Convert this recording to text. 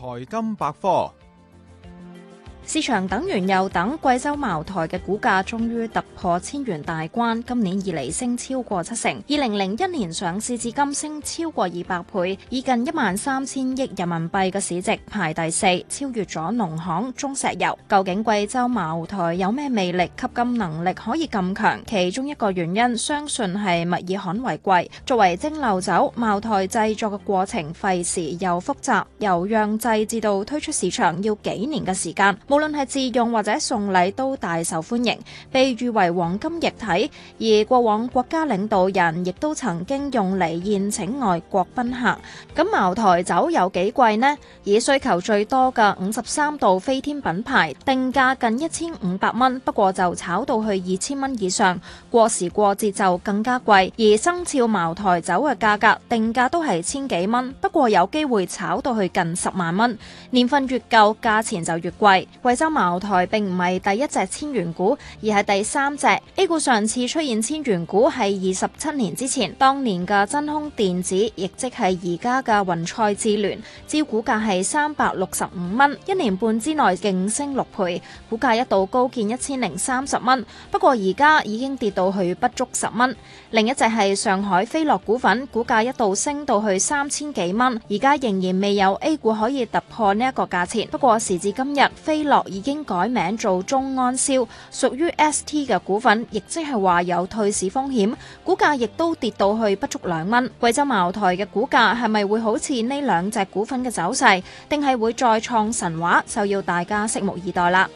財經百科。市場等完又等，貴州茅台嘅股價終於突破千元大關。今年以嚟升超過七成，二零零一年上市至今升超過二百倍，以近一萬三千億人民幣嘅市值，排第四，超越咗農行、中石油。究竟貴州茅台有咩魅力，吸金能力可以咁強？其中一個原因，相信係物以罕為貴。作為蒸餾酒，茅台製作嘅過程費時又複雜，由釀製至到推出市場要幾年嘅時間。無論係自用或者送禮都大受歡迎，被譽為黃金液體。而過往國家領導人亦都曾經用嚟宴請外國賓客。咁茅台酒有幾貴呢？以需求最多嘅五十三度飛天品牌定價近一千五百蚊，不過就炒到去二千蚊以上。過時過節就更加貴，而生肖茅台酒嘅價格定價都係千幾蚊，不過有機會炒到去近十萬蚊。年份越舊，價錢就越貴。貴州茅台並唔係第一隻千元股，而係第三隻。A 股上次出現千元股係二十七年之前，當年嘅真空電子，亦即係而家嘅雲賽智聯，招股價係三百六十五蚊，一年半之內勁升六倍，股價一度高見一千零三十蚊。不過而家已經跌到去不足十蚊。另一隻係上海飛樂股份，股價一度升到去三千幾蚊，而家仍然未有 A 股可以突破呢一個價錢。不過時至今日，飛已經改名做中安消，屬於 ST 嘅股份，亦即係話有退市風險，股價亦都跌到去不足兩蚊。貴州茅台嘅股價係咪會好似呢兩隻股份嘅走勢，定係會再創神話，就要大家拭目以待啦。